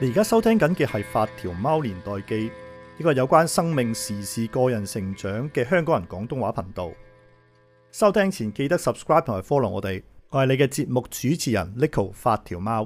你而家收聽緊嘅係《發條貓年代記》，呢個有關生命時事、個人成長嘅香港人廣東話頻道。收聽前記得 subscribe 同埋 follow 我哋。我係你嘅節目主持人 Nicole 發條貓。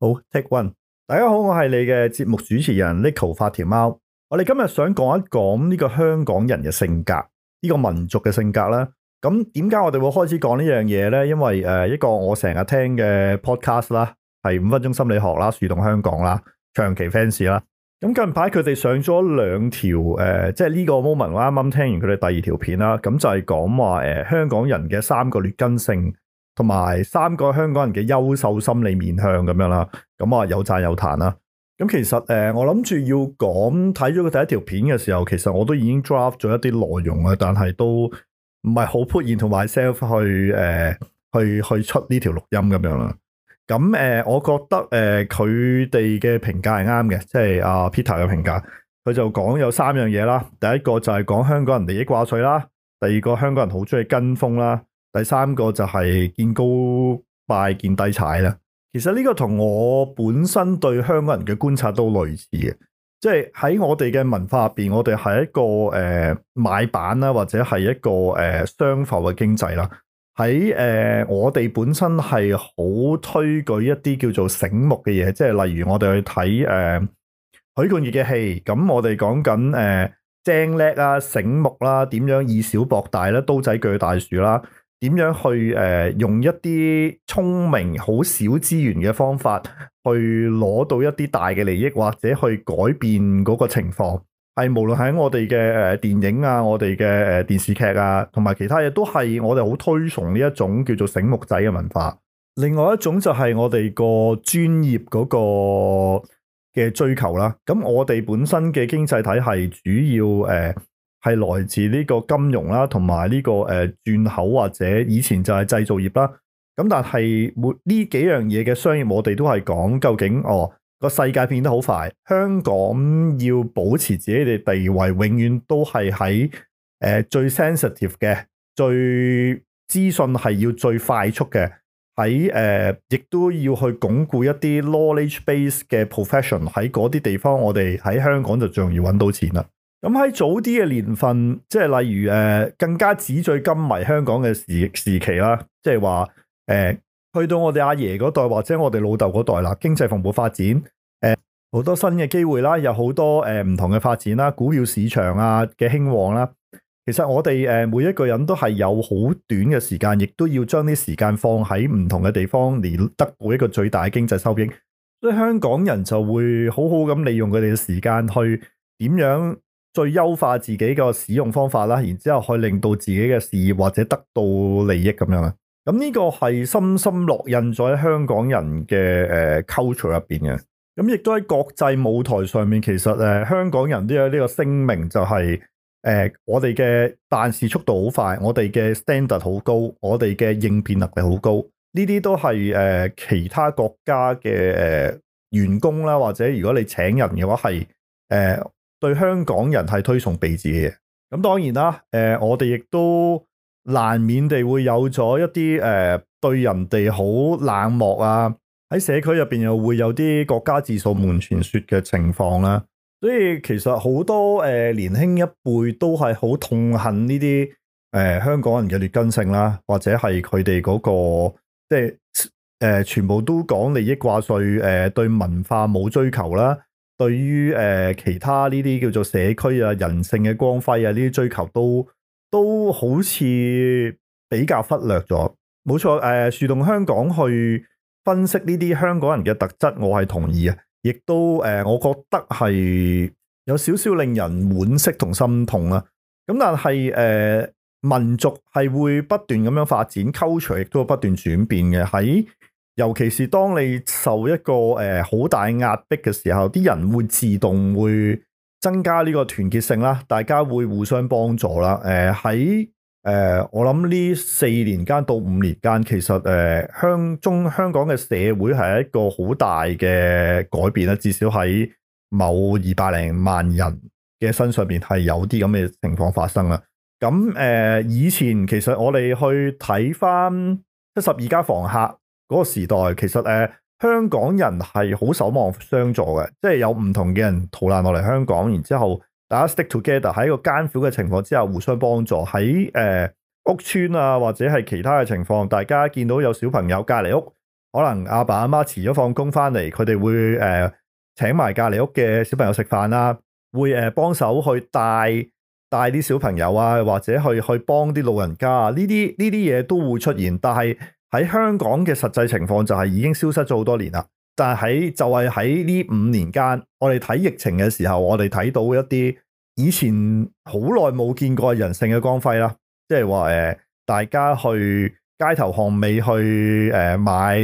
好，Take one，大家好，我係你嘅節目主持人 Nicole 發條貓。我哋今日想講一講呢個香港人嘅性格，呢個民族嘅性格啦。咁點解我哋會開始講呢樣嘢咧？因為誒，一個我成日聽嘅 podcast 啦，係五分鐘心理學啦，樹洞香港啦，長期 fans 啦。咁近排佢哋上咗兩條誒，即係呢個 moment，我啱啱聽完佢哋第二條片啦。咁就係講話誒，香港人嘅三個劣根性同埋三個香港人嘅優秀心理面向咁樣啦。咁我有讚有彈啦。咁其實誒，我諗住要講睇咗佢第一條片嘅時候，其實我都已經 draft 咗一啲內容啦，但係都。唔係好 put in 同埋 self 去誒、呃，去去出呢條錄音咁樣啦。咁誒、呃，我覺得誒，佢哋嘅評價係啱嘅，即係阿 Peter 嘅評價，佢就講有三樣嘢啦。第一個就係講香港人利益掛帥啦，第二個香港人好中意跟風啦，第三個就係見高拜見低踩啦。其實呢個同我本身對香港人嘅觀察都類似嘅。即係喺我哋嘅文化入邊，我哋係一個誒、呃、買辦啦，或者係一個誒雙浮嘅經濟啦。喺誒、呃、我哋本身係好推舉一啲叫做醒目嘅嘢，即係例如我哋去睇誒許冠傑嘅戲，咁我哋講緊誒精叻啊醒目啦，啊，點樣以小博大咧，刀仔鋸大樹啦。點樣去誒、呃、用一啲聰明、好少資源嘅方法去攞到一啲大嘅利益，或者去改變嗰個情況？係無論喺我哋嘅誒電影啊，我哋嘅誒電視劇啊，同埋其他嘢都係我哋好推崇呢一種叫做醒目仔嘅文化。另外一種就係我哋個專業嗰個嘅追求啦。咁我哋本身嘅經濟體系主要誒。呃係來自呢個金融啦，同埋呢個誒轉口或者以前就係製造業啦。咁但係會呢幾樣嘢嘅商業，我哋都係講究竟哦個世界變得好快，香港要保持自己嘅地位永遠、永遠都係喺誒最 sensitive 嘅，最資訊係要最快速嘅，喺誒亦都要去鞏固一啲 knowledge base 嘅 profession 喺嗰啲地方，我哋喺香港就最容易揾到錢啦。咁喺早啲嘅年份，即係例如誒、呃，更加紙醉金迷香港嘅時時期啦，即係話誒，去、呃、到我哋阿爺嗰代或者我哋老豆嗰代啦，經濟蓬勃發展，誒、呃，好多新嘅機會啦，有好多誒唔、呃、同嘅發展啦，股票市場啊嘅興旺啦、啊。其實我哋誒、呃、每一個人都係有好短嘅時間，亦都要將啲時間放喺唔同嘅地方，嚟得到一個最大嘅經濟收益。所以香港人就會好好咁利用佢哋嘅時間去點樣。最優化自己個使用方法啦，然之後去令到自己嘅事業或者得到利益咁樣啦。咁呢個係深深烙印咗喺香港人嘅誒 culture 入邊嘅。咁亦都喺國際舞台上面，其實誒香港人都有呢個聲名就係誒我哋嘅辦事速度好快，我哋嘅 standard 好高，我哋嘅應變能力好高。呢啲都係誒其他國家嘅誒員工啦，或者如果你請人嘅話係誒。對香港人係推崇備至嘅，咁當然啦。誒、呃，我哋亦都難免地會有咗一啲誒、呃，對人哋好冷漠啊，喺社區入邊又會有啲各家自掃門前雪嘅情況啦、啊。所以其實好多誒、呃、年輕一輩都係好痛恨呢啲誒香港人嘅劣根性啦、啊，或者係佢哋嗰個即係誒、呃、全部都講利益掛帥，誒、呃、對文化冇追求啦、啊。對於誒其他呢啲叫做社區啊、人性嘅光輝啊呢啲追求都都好似比較忽略咗。冇錯，誒樹洞香港去分析呢啲香港人嘅特質，我係同意嘅，亦都誒我覺得係有少少令人惋惜同心痛啦。咁但係誒民族係會不斷咁樣發展，勾除亦都會不斷轉變嘅喺。尤其是當你受一個誒好大壓迫嘅時候，啲人會自動會增加呢個團結性啦，大家會互相幫助啦。誒喺誒我諗呢四年間到五年間，其實誒香中香港嘅社會係一個好大嘅改變啦。至少喺某二百零萬人嘅身上面係有啲咁嘅情況發生啦。咁誒、呃、以前其實我哋去睇返七十二家房客。嗰個時代其實、呃、香港人係好守望相助嘅，即係有唔同嘅人逃難落嚟香港，然之後大家 stick together 喺一個艱苦嘅情況之下互相幫助，喺、呃、屋村啊或者係其他嘅情況，大家見到有小朋友隔離屋，可能阿爸阿媽遲咗放工翻嚟，佢哋會誒、呃、請埋隔離屋嘅小朋友食飯啦，會幫、呃、手去帶帶啲小朋友啊，或者去去幫啲老人家啊，呢啲呢啲嘢都會出現，但係，喺香港嘅實際情況就係已經消失咗好多年啦，但係喺就係喺呢五年間，我哋睇疫情嘅時候，我哋睇到一啲以前好耐冇見過嘅人性嘅光輝啦，即係話誒，大家去街頭巷尾去誒、呃、買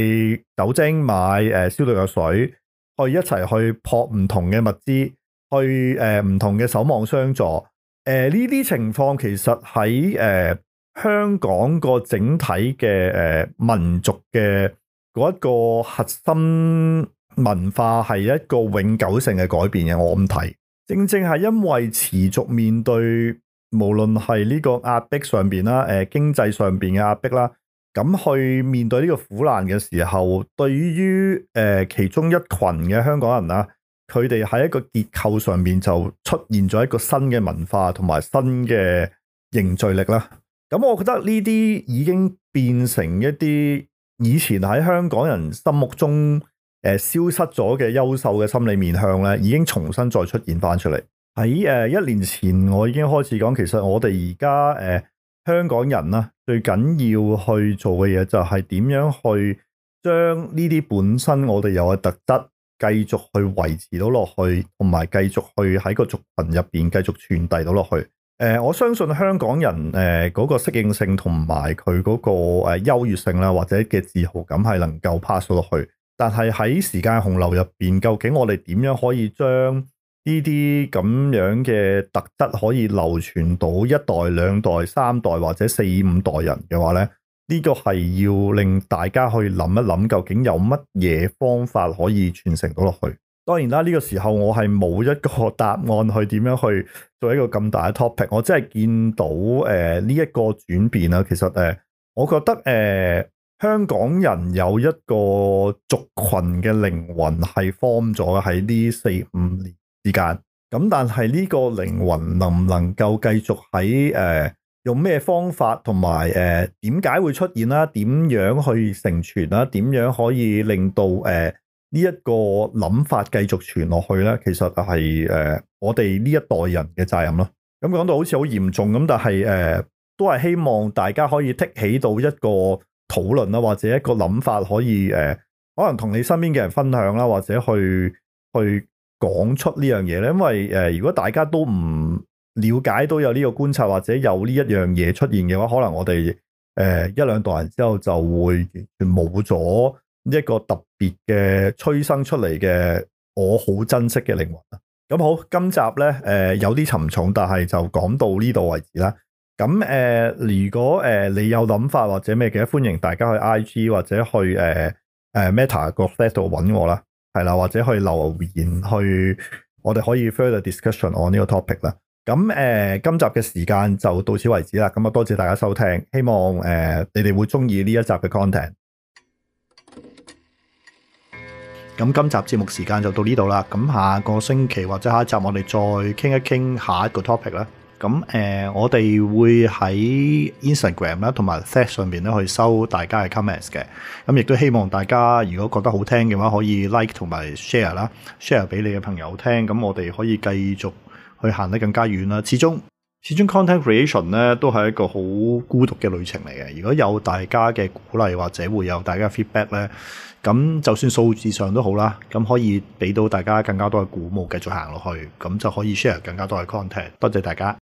酒精、買誒、呃、消毒藥水，去一齊去撲唔同嘅物資，去誒唔、呃、同嘅守望相助，誒呢啲情況其實喺誒。呃香港個整體嘅誒民族嘅嗰一個核心文化係一個永久性嘅改變嘅，我唔睇。正正係因為持續面對，無論係呢個壓迫上面啦，誒、呃、經濟上面嘅壓迫啦，咁去面對呢個苦難嘅時候，對於誒、呃、其中一群嘅香港人啦、啊，佢哋喺一個結構上面就出現咗一個新嘅文化同埋新嘅凝聚力啦。咁，我覺得呢啲已經變成一啲以前喺香港人心目中消失咗嘅優秀嘅心理面向咧，已經重新再出現翻出嚟。喺一年前，我已經開始講，其實我哋而家誒香港人啦，最緊要去做嘅嘢就係點樣去將呢啲本身我哋有嘅特質繼續去維持到落去，同埋繼續去喺個族群入邊繼續傳遞到落去。誒、呃，我相信香港人誒嗰個適應性同埋佢嗰個誒優越性啦，或者嘅自豪感係能夠 pass 落去。但係喺時間洪流入邊，究竟我哋點樣可以將呢啲咁樣嘅特質可以流傳到一代、兩代、三代或者四五代人嘅話咧？呢、這個係要令大家去諗一諗，究竟有乜嘢方法可以傳承到落去？當然啦，呢、這個時候我係冇一個答案去點樣去做一個咁大嘅 topic。我真係見到誒呢一個轉變啊，其實誒、呃，我覺得誒、呃、香港人有一個族群嘅靈魂係 form 咗喺呢四五年之間。咁但係呢個靈魂能唔能夠繼續喺誒、呃、用咩方法同埋誒點解會出現啦？點樣去成全啦？點樣可以令到誒？呃呢一個諗法繼續傳落去咧，其實係誒、呃、我哋呢一代人嘅責任咯。咁講到好似好嚴重咁，但係誒、呃、都係希望大家可以剔起到一個討論啦，或者一個諗法可以誒、呃，可能同你身邊嘅人分享啦，或者去去講出呢樣嘢咧。因為誒、呃，如果大家都唔了解，都有呢個觀察或者有呢一樣嘢出現嘅話，可能我哋誒、呃、一兩代人之後就會冇咗。一個特別嘅催生出嚟嘅，我好珍惜嘅靈魂啊！咁好，今集咧、呃、有啲沉重，但係就講到呢度為止啦。咁、呃、如果、呃、你有諗法或者咩嘅，歡迎大家去 IG 或者去、呃呃、Meta 個 flat 度揾我啦，係啦，或者去留言去，我哋可以 further discussion on 呢個 topic 啦。咁、呃、今集嘅時間就到此為止啦。咁啊，多謝大家收聽，希望、呃、你哋會中意呢一集嘅 content。咁今集節目時間就到呢度啦，咁下個星期或者下一集我哋再傾一傾下一個 topic 啦。咁誒、呃，我哋會喺 Instagram 啦同埋 Facebook 上邊咧去收大家嘅 comments 嘅。咁亦都希望大家如果覺得好聽嘅話，可以 like 同埋 share 啦，share 俾你嘅朋友聽。咁我哋可以繼續去行得更加遠啦。始終。始終 content creation 咧都係一個好孤獨嘅旅程嚟嘅，如果有大家嘅鼓勵或者會有大家嘅 feedback 咧，咁就算數字上都好啦，咁可以俾到大家更加多嘅鼓舞，繼續行落去，咁就可以 share 更加多嘅 content。多謝大家。